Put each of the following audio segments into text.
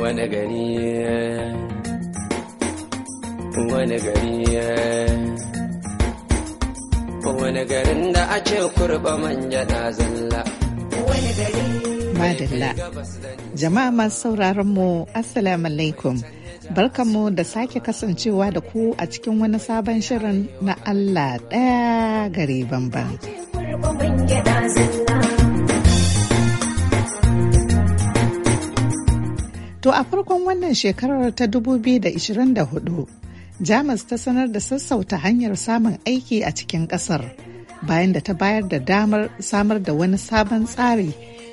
wani gari wani gari wani garin da a ce kurba manja na zalla wani gari Madalla. Jama'a masu sauraron mu Assalamu alaikum. Barkanmu da sake kasancewa da ku a cikin wani sabon shirin na Allah ɗaya gari bamban. To a farkon wannan shekarar ta 2024, Jamus ta sanar da sassauta hanyar samun aiki a cikin ƙasar bayan da ta bayar da damar samar da wani sabon tsari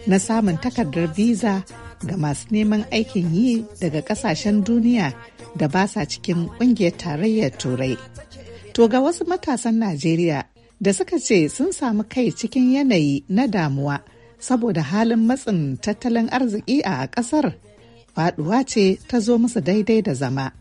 na samun takardar visa ga masu neman aikin yi daga ƙasashen duniya da ba sa cikin ƙungiyar tarayyar turai. To ga wasu matasan Najeriya da suka ce sun samu kai cikin yanayi na damuwa saboda halin matsin tattalin arziki a ƙasar. faduwa ce ta zo masa daidai da zama.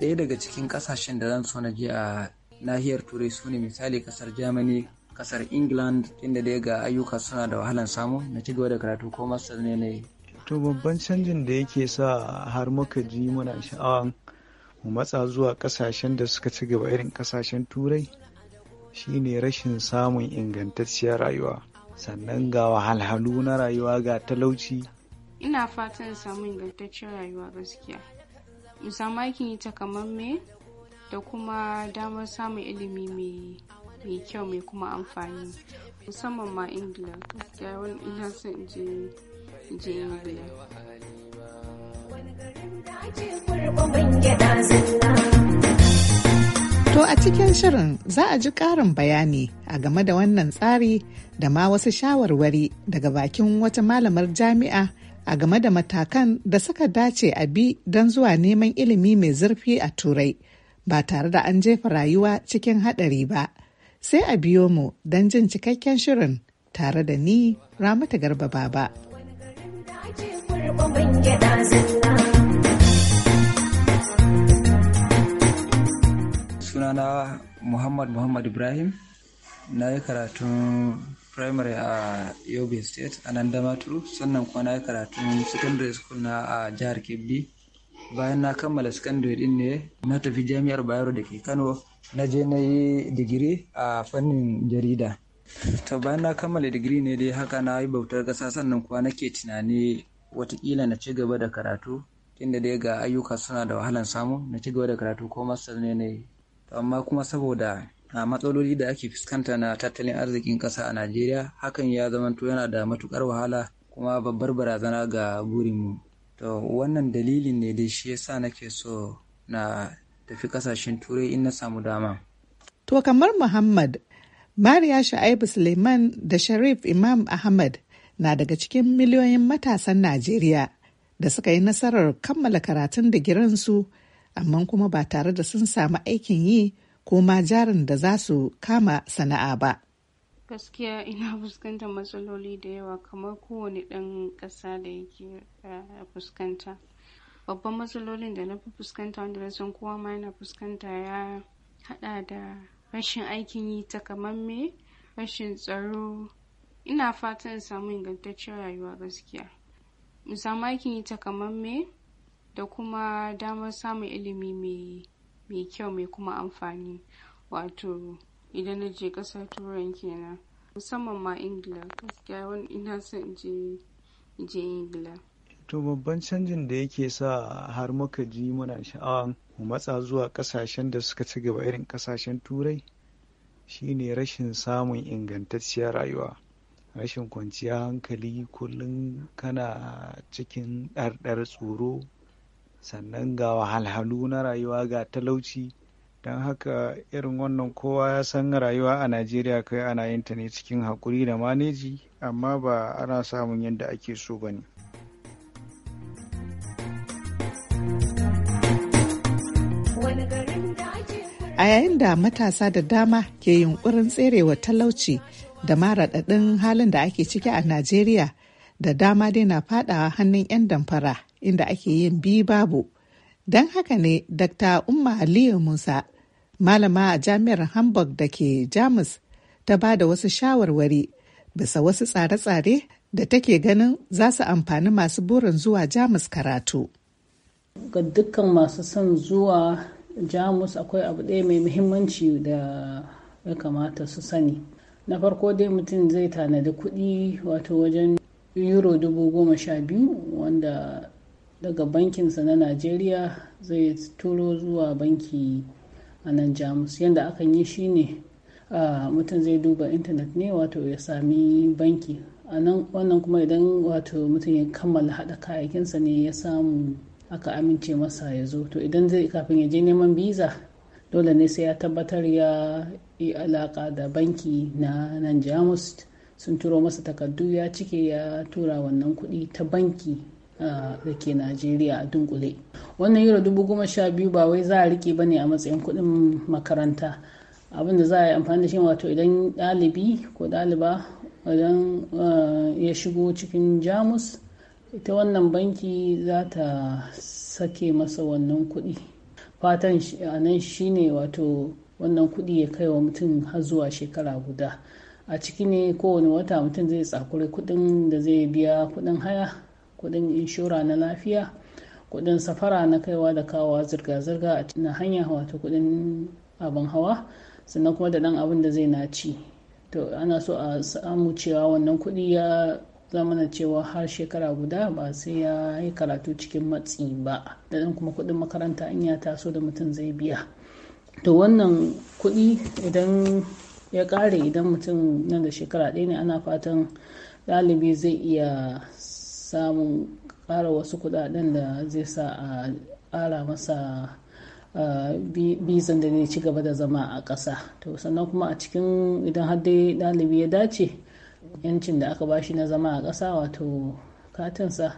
Ɗaya daga cikin ƙasashen da zan so na je a nahiyar Turai su ne misali ƙasar Germany, ƙasar England inda dai ga ayyuka suna da wahalan samu na ci gaba da karatu ko masar ne ne. To babban canjin da yake sa har muka ji muna sha'awan mu matsa zuwa ƙasashen da suka ci gaba irin ƙasashen Turai shine rashin samun ingantacciyar rayuwa. Sannan ga wahalhalu na rayuwa ga talauci ina fatan samu ingantaccen rayuwa gaskiya in samu aikin yi takamamme da kuma damar samun ilimi mai kyau mai kuma amfani musamman ma ingila gaskiya wani ina son je je ingila To a cikin shirin za a ji ƙarin bayani a game da wannan tsari da ma wasu shawarwari daga bakin wata malamar jami'a a game da matakan da suka dace a bi don zuwa neman ilimi mai zurfi a turai ba tare da an jefa rayuwa cikin haɗari ba sai a biyo mu don jin cikakken shirin tare da ni ramata garba baba. sunana muhammad muhammad ibrahim na yi karatun primary a yobe state a nan damaturu sannan kuma na yi karatun secondary school na a jihar kebbi bayan na kammala secondary din ne na tafi jami'ar bayero da ke kano na je na yi digiri a fannin jarida Ta bayan na kammala digiri ne dai haka na yi bautar ƙasa sannan kuwa nake tunani watakila na ci gaba da karatu tunda dai ga ayyuka suna da wahalan samu na ci gaba da karatu ko master ne ne amma kuma saboda a matsaloli da ake fuskanta na tattalin arzikin ƙasa a najeriya hakan ya zamanto yana da matukar wahala kuma babbar barazana ga burinmu to wannan dalilin ne da shi yasa nake so na tafi ƙasashen turai in na samu dama to kamar muhammad mariya sha'ibu suleiman da sharif imam ahmad na daga cikin miliyoyin matasan najeriya da suka yi nasarar kammala karatun da giransu amma kuma ba tare da sun samu aikin yi ko ma jarin da za su kama sana'a ba. Gaskiya ina fuskantar matsaloli da yawa kamar kowane ɗan ƙasa da yake eh, fuskanta. Babban matsalolin da na fi fuskanta wanda na san kowa ma yana fuskanta ya haɗa da rashin aikin yi takamamme, rashin tsaro. Ina fatan samu ingantaccen rayuwa gaskiya. In samu aikin yi takamamme da kuma damar samun ilimi mai mai kyau mai kuma amfani wato idan na je ƙasar turai kenan musamman ma ingila gaskiya wani ina son je je ingila to babban canjin da yake sa har muka ji muna sha'awan mu matsa zuwa ƙasashen da suka ci gaba irin ƙasashen turai shine rashin samun ingantacciyar rayuwa rashin kwanciya hankali kullum kana cikin ɗarɗar tsoro sannan ga wahalhalu na rayuwa ga talauci don haka irin wannan kowa ya san rayuwa a najeriya kai ana yin ta ne cikin haƙuri da maneji amma ba ana samun yadda ake so ba ne a yayin da matasa da dama ke yunkurin tserewa talauci da maraɗaɗin halin da ake ciki a najeriya da dama dai na faɗawa hannun 'yan damfara inda ake yin bi babu. Don haka ne Dr. Umma Aliyu Musa, malama a jami'ar Hamburg da ke Jamus, ta ba da wasu shawarwari bisa wasu tsare-tsare da take ganin za su amfani masu burin zuwa Jamus karatu. Ga dukkan masu son zuwa Jamus akwai abu ɗaya mai muhimmanci da ya kamata su sani. Na farko dai mutum zai tanadi kuɗi wato wajen euro dubu goma sha biyu wanda daga bankinsa na najeriya zai turo zuwa banki a nan jamus yadda akan yi shi shine mutum zai duba intanet ne wato ya sami banki a nan wannan kuma idan wato mutum ya kammala haɗa kayakinsa ne ya samu aka amince masa ya zo to idan zai kafin ya je neman biza dole ne sai ya tabbatar ya yi alaka da banki na nan jamus sun turo masa takardu ya cike ya tura wannan kuɗi ta banki da ke najeriya a dunkule wannan euro dubu goma sha biyu ba wai za a rike ba ne a matsayin kuɗin makaranta abin da za a yi amfani da shi wato idan ɗalibi ko ɗaliba idan ya shigo cikin jamus ita wannan banki za ta sake masa wannan kuɗi fatan anan nan ne wato wannan kuɗi ya kai wa mutum har zuwa shekara guda a ciki ne kowane wata mutum zai tsakuri kuɗin da zai biya kuɗin haya kudin inshora na lafiya kudin safara na kaiwa da kawowa zirga-zirga a na hanya wato kudin abin hawa sannan kuma da dan abin da zai na ci to ana so a samu cewa wannan kudi ya zamana cewa har shekara guda ba sai ya yi karatu cikin matsi ba da dan kuma kudin makaranta in ya taso da mutum zai biya to wannan kudi idan ya kare idan mutum nan da shekara ɗaya ne ana fatan ɗalibi zai iya samun ƙara wasu kuɗaɗen da zai sa a ƙara masa bizan da zai ci gaba da zama a ƙasa to sannan kuma a cikin idan har dai ɗalibi ya dace yancin da aka bashi na zama a ƙasa wato katinsa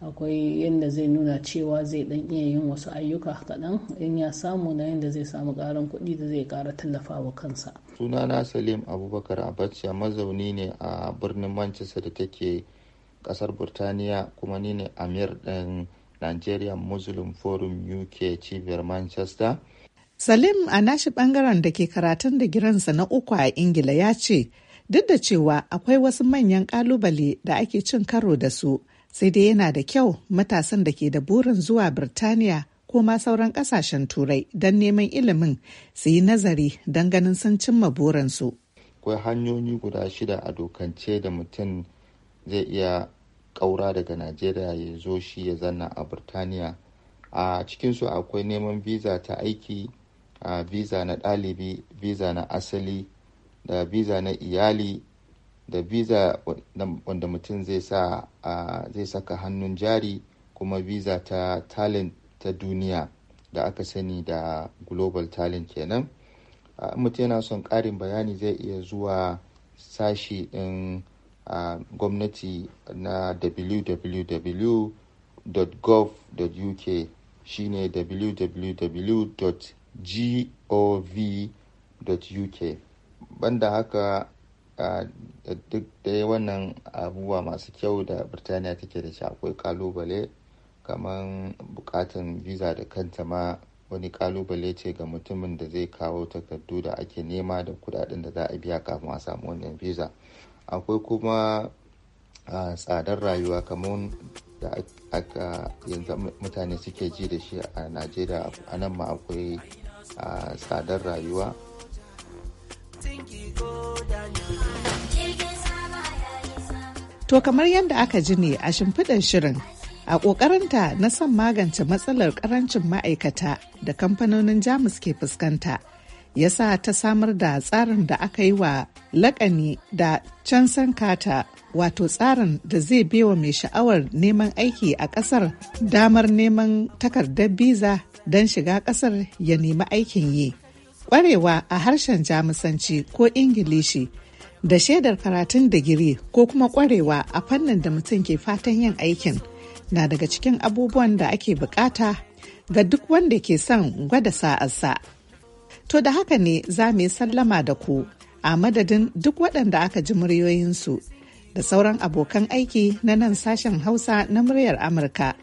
akwai yadda zai nuna cewa zai dan iya yin wasu ayyuka kaɗan in ya samu na yadda zai samu ƙarin kuɗi da zai ƙara tallafawa kansa sunana salim abubakar abacha mazauni ne a birnin manchester da take kasar burtaniya kuma ni ne amir ɗin nigerian muslim forum uk cibiyar manchester salim a nashi ɓangaren da ke karatun da giransa na uku a ingila ya ce duk da cewa akwai wasu manyan ƙalubale da ake cin karo da su sai dai yana da kyau matasan da ke da burin zuwa birtaniya ko ma sauran ƙasashen turai don neman ilimin su yi nazari don ganin sun cimma burinsu. akwai hanyoyi guda shida a dokance da mutum zai iya ƙaura daga najeriya ya zo shi ya zanna a burtaniya a cikinsu akwai neman visa ta aiki a visa na ɗalibi visa na asali da visa na iyali da visa wanda mutum zai sa zai saka hannun jari kuma visa ta talent ta duniya da aka sani da global talent kenan mutum yana son ƙarin bayani zai iya zuwa sashi ɗin a gwamnati na www.gov.uk shine www.gov.uk banda haka duk dai wannan abubuwa masu kyau da birtaniya take da shi akwai kalubale kamar bukatan visa da kanta ma wani kalubale ce ga mutumin da zai kawo takardu da ake nema da kudaden da za a biya kafin a samu wannan visa akwai kuma tsadar rayuwa kamar da aka yanzu mutane suke ji da shi a najeriya a nan ma akwai tsadar rayuwa To kamar yadda aka ji ne a shimfiɗar shirin a ƙoƙarinta na son magance matsalar ƙarancin ma'aikata da kamfanonin jamus ke fuskanta ya sa ta samar da tsarin da aka yi wa lakani da cansan kata wato tsarin da zai bewa mai sha'awar neman aiki a ƙasar damar neman takardar biza don shiga ƙasar ya nemi aikin yi ƙwarewa a harshen jamusanci ko ingilishi da shaidar karatun digiri ko kuma ƙwarewa a fannin da mutum ke fatan yin aikin na daga cikin abubuwan da ake bukata ga duk wanda ke son gwada sa'arsa. To da haka ne za mu yi sallama da ku a madadin duk waɗanda aka ji muryoyinsu da sauran abokan aiki na nan sashen Hausa na muryar Amurka.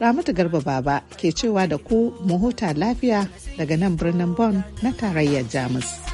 Ramatu Garba Baba ke cewa da ku mu huta lafiya daga nan birnin Bonn na tarayyar Jamus.